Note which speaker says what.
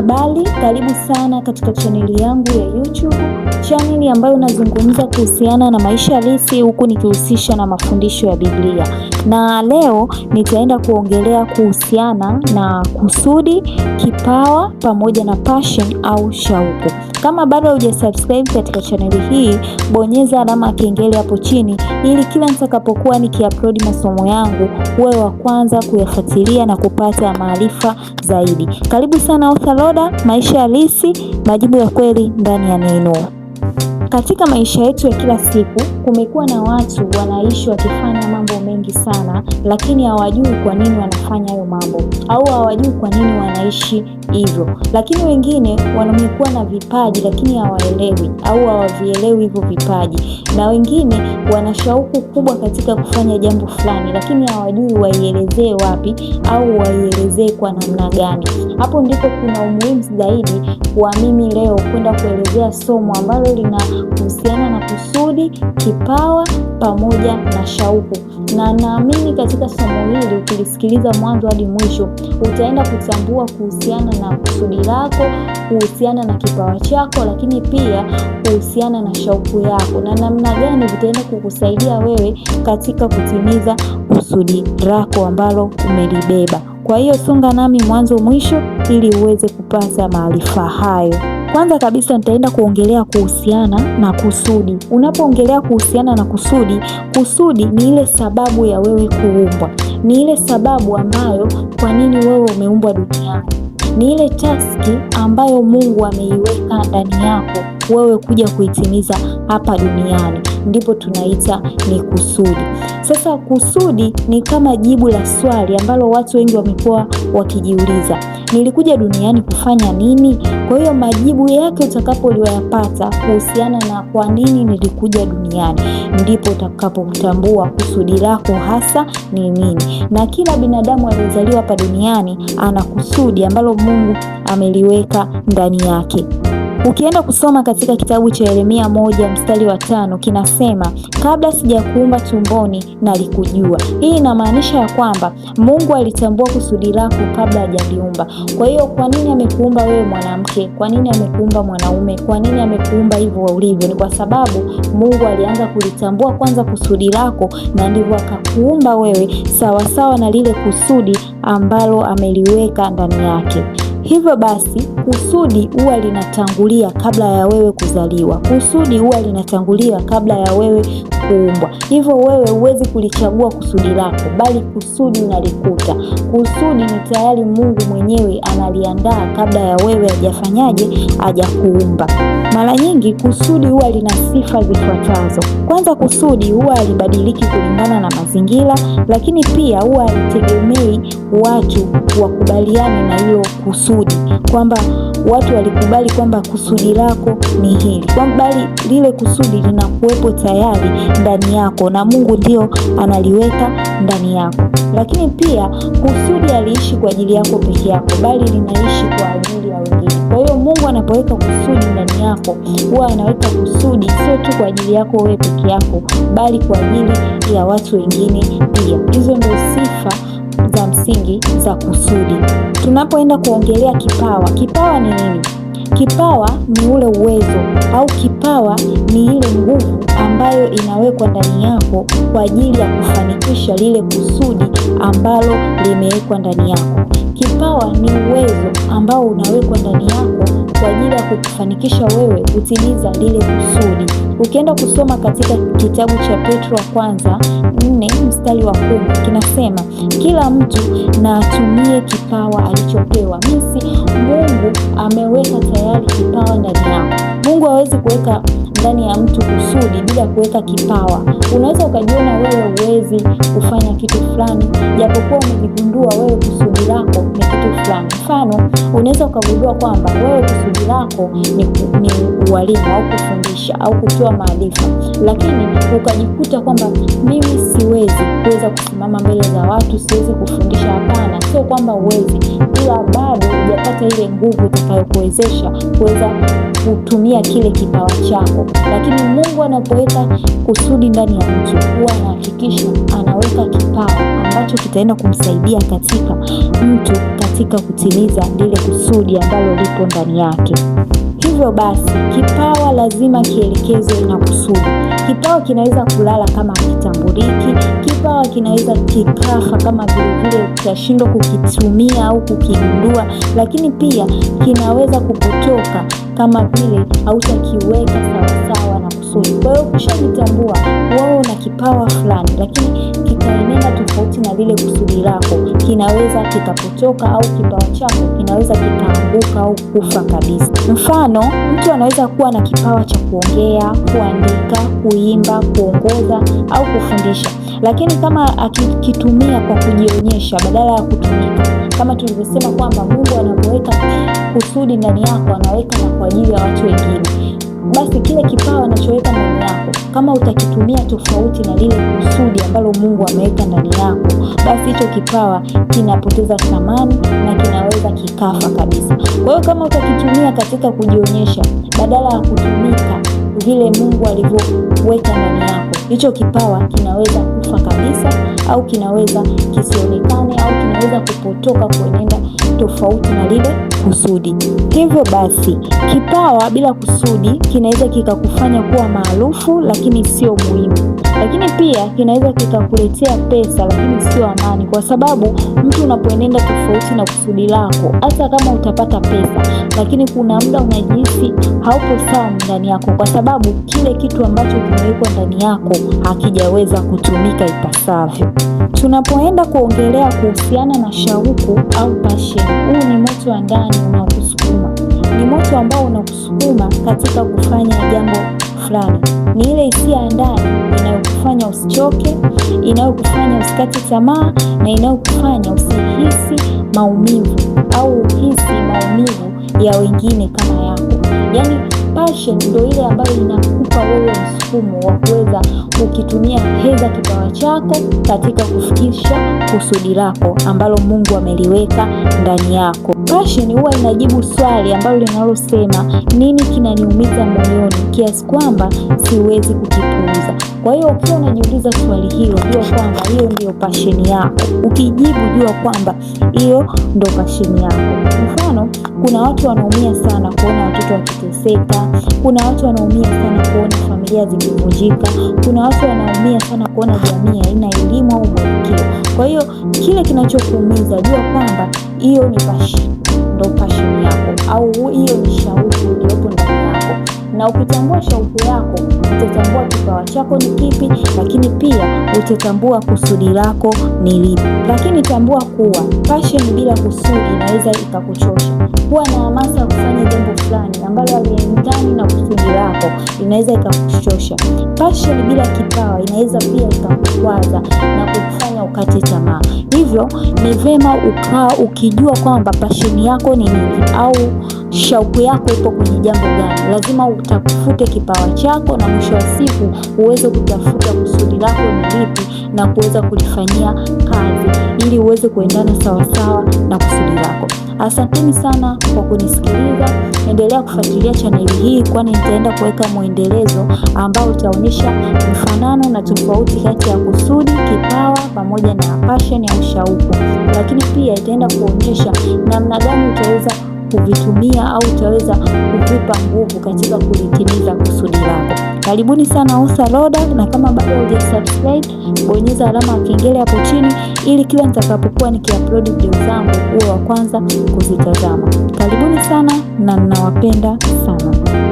Speaker 1: Habari, karibu sana katika chaneli yangu ya YouTube, chaneli ambayo nazungumza kuhusiana na maisha halisi huku nikihusisha na mafundisho ya Biblia. Na leo nitaenda kuongelea kuhusiana na kusudi, kipawa pamoja na passion au shauku. Kama bado hujasubscribe katika chaneli hii, bonyeza alama ya kengele hapo chini ili kila nitakapokuwa nikiupload masomo yangu uwe wa kwanza kuyafuatilia na kupata maarifa zaidi. Karibu sana Author Loda, maisha halisi, majibu ya kweli ndani ya neno. Katika maisha yetu ya kila siku kumekuwa na watu wanaishi wakifanya mambo mengi sana, lakini hawajui kwa nini wanafanya hayo mambo au hawajui kwa nini wanaishi hivyo. Lakini wengine wamekuwa na vipaji lakini hawaelewi au hawavielewi hivyo vipaji, na wengine wana shauku kubwa katika kufanya jambo fulani, lakini hawajui waielezee wapi au waielezee kwa namna gani. Hapo ndipo kuna umuhimu zaidi wa mimi leo kwenda kuelezea somo ambalo linahusiana na kusudi kipawa pamoja na shauku, na naamini katika somo hili ukilisikiliza mwanzo hadi mwisho utaenda kutambua kuhusiana na kusudi lako, kuhusiana na kipawa chako, lakini pia kuhusiana na shauku yako na namna gani vitaenda kukusaidia wewe katika kutimiza kusudi lako ambalo umelibeba. Kwa hiyo sunga nami mwanzo mwisho ili uweze kupata maarifa hayo. Kwanza kabisa nitaenda kuongelea kuhusiana na kusudi. Unapoongelea kuhusiana na kusudi, kusudi ni ile sababu ya wewe kuumbwa, ni ile sababu ambayo kwa nini wewe umeumbwa duniani, ni ile taski ambayo Mungu ameiweka ndani yako wewe kuja kuitimiza hapa duniani, ndipo tunaita ni kusudi. Sasa kusudi ni kama jibu la swali ambalo watu wengi wamekuwa wakijiuliza nilikuja duniani kufanya nini? Kwa hiyo majibu yake utakapoliyoyapata kuhusiana na kwa nini nilikuja duniani, ndipo utakapotambua kusudi lako hasa ni nini. Na kila binadamu aliyezaliwa hapa duniani ana kusudi ambalo Mungu ameliweka ndani yake. Ukienda kusoma katika kitabu cha Yeremia moja mstari wa tano kinasema, kabla sijakuumba tumboni nalikujua. Hii inamaanisha ya kwamba Mungu alitambua kusudi lako kabla hajaliumba. Kwa hiyo, kwa nini amekuumba wewe mwanamke? Kwa nini amekuumba mwanaume? Kwa nini amekuumba hivyo ulivyo? Ni kwa sababu Mungu alianza kulitambua kwanza kusudi lako, na ndivyo akakuumba wewe sawasawa na lile kusudi ambalo ameliweka ndani yake. Hivyo basi Kusudi huwa linatangulia kabla ya wewe kuzaliwa. Kusudi huwa linatangulia kabla ya wewe kuumbwa. Hivyo wewe huwezi kulichagua kusudi lako, bali kusudi unalikuta. Kusudi ni tayari Mungu mwenyewe analiandaa kabla ya wewe hajafanyaje, hajakuumba. Mara nyingi kusudi huwa lina sifa zifuatazo. Kwanza, kusudi huwa halibadiliki kulingana na mazingira, lakini pia huwa halitegemei watu wakubaliane na hiyo kusudi kwamba watu walikubali kwamba kusudi lako ni hili, bali lile kusudi linakuwepo tayari ndani yako, na Mungu ndio analiweka ndani yako. Lakini pia kusudi aliishi kwa ajili yako peke yako, bali linaishi kwa ajili ya wengine. Kwa hiyo Mungu anapoweka kusudi ndani yako, huwa anaweka kusudi sio tu kwa ajili yako wewe peke yako, bali kwa ajili ya watu wengine pia. Hizo ndio sifa za msingi za kusudi. Tunapoenda kuongelea kipawa, kipawa ni nini? Kipawa ni ule uwezo au kipawa ni ile nguvu ambayo inawekwa ndani yako kwa ajili ya kufanikisha lile kusudi ambalo limewekwa ndani yako. Kipawa ni uwezo ambao unawekwa ndani yako kwa ajili ya kukufanikisha wewe kutimiza lile kusudi. Ukienda kusoma katika kitabu cha Petro wa kwanza nne mstari wa kumi kinasema, kila mtu na atumie kipawa alichopewa. Mimi Mungu ameweka tayari kipawa ndani yako. Mungu hawezi kuweka ndani ya mtu kusudi bila kuweka kipawa. Unaweza ukajiona wewe uwezi kufanya kitu fulani, japokuwa umejigundua wewe kusudi lako ni kitu fulani. Mfano, unaweza ukagundua kwamba wewe kusudi lako ni, ni ualimu au kufundisha au kutoa maarifa, lakini ukajikuta kwamba mimi siwezi kuweza kusimama mbele za watu, siwezi kufundisha. Hapana, sio kwamba uwezi, ila bado hujapata ile nguvu itakayokuwezesha kuweza kutumia kile kipawa chako. Lakini Mungu anapoweka kusudi ndani ya mtu, huwa anahakikisha anaweka kipawa ambacho kitaenda kumsaidia katika mtu katika kutimiza lile kusudi ambalo lipo ndani yake. Hivyo basi kipawa lazima kielekezwe na kusudi. Kipawa kinaweza kulala kama hakitambuliki. Kipawa kinaweza kikafa kama vilevile ukashindwa kukitumia au kukigundua, lakini pia kinaweza kupotoka kama vile hautakiweka sawasawa na kusudi. Kwa hiyo ukishajitambua wewe una kipawa fulani, lakini kika tofauti na lile kusudi lako, kinaweza kikapotoka au kipawa chako kinaweza kikaanguka au kufa kabisa. Mfano, mtu anaweza kuwa na kipawa cha kuongea, kuandika, kuimba, kuongoza au kufundisha, lakini kama akikitumia kwa kujionyesha badala ya kutumika, kama tulivyosema kwamba Mungu anamweka kusudi ndani yako, anaweka na kwa ajili ya watu wengine basi kile kipawa anachoweka ndani yako, kama utakitumia tofauti na lile kusudi ambalo Mungu ameweka ndani yako, basi hicho kipawa kinapoteza thamani na kinaweza kikafa kabisa. Kwa hiyo kama utakitumia katika kujionyesha badala ya kutumika vile Mungu alivyoweka ndani yako, hicho kipawa kinaweza kufa kabisa, au kinaweza kisionekane, au kinaweza kupotoka kuenenda tofauti na lile kusudi. Hivyo basi, kipawa bila kusudi kinaweza kikakufanya kuwa maarufu lakini sio muhimu, lakini pia kinaweza kikakuletea pesa lakini sio amani, kwa sababu mtu unapoenenda tofauti na kusudi lako, hata kama utapata pesa, lakini kuna muda unajihisi haupo sawa ndani yako, kwa sababu kile kitu ambacho kimewekwa ndani yako hakijaweza kutumika ipasavyo. Tunapoenda kuongelea kuhusiana na shauku au passion, huu ni moto wa ndani unaokusukuma, ni moto ambao unakusukuma katika kufanya jambo fulani. Ni ile hisia ya ndani inayokufanya usichoke, inayokufanya usikate tamaa na inayokufanya usihisi maumivu au uhisi maumivu ya wengine kama yako. Yaani passion ndio ile ambayo inakupa wewe mfumo wa kuweza ukitumia heza kipawa chako katika kufikisha kusudi lako ambalo Mungu ameliweka ndani yako. Passion huwa inajibu swali ambalo linalosema nini kinaniumiza moyoni kiasi kwamba siwezi kukipunguza. Kwa hiyo ukiwa unajiuliza swali hilo, jua kwamba hiyo ndiyo passion yako. Ukijibu jua kwamba hiyo ndo passion yako. Mfano, kuna watu wanaumia sana kuona watoto wakiteseka, kuna watu wanaumia sana kuona familia zi kuvunjika. Kuna watu wanaumia sana kuona jamii haina elimu au mwelekeo. Kwa hiyo kile kinachokuumiza, jua kwamba hiyo ni pashi, ndo pashi yako au hiyo ni shauku iliyopo na ukitambua shauku yako utatambua kipawa chako ni kipi, lakini pia utatambua kusudi lako ni lipi. Lakini tambua kuwa passion bila kusudi inaweza ikakuchosha. Kuwa na hamasa ya kufanya jambo fulani ambalo haliendani na kusudi lako inaweza ikakuchosha. Passion bila kipawa inaweza pia ikakukwaza na kukufanya ukate tamaa. Hivyo ni vema ukaa ukijua kwamba passion yako ni nini au shauku yako ipo kwenye jambo gani. Lazima utafute kipawa chako, na mwisho wa siku uweze kutafuta kusudi lako ni lipi na kuweza kulifanyia kazi ili uweze kuendana sawasawa na kusudi lako. Asanteni sana kwa kunisikiliza. Endelea kufuatilia chaneli hii, kwani nitaenda kuweka mwendelezo ambao utaonyesha mfanano na tofauti kati ya kusudi, kipawa pamoja na passion ya shauku, lakini pia itaenda kuonyesha namna gani utaweza kuvitumia au utaweza kuvipa nguvu katika kulitimiza kusudi lako. Karibuni sana Usa Roda, na kama bado hujasubscribe, bonyeza alama ya kengele hapo chini ili kila nitakapokuwa nikiupload video zangu uwe wa kwanza kuzitazama. Karibuni sana na ninawapenda sana.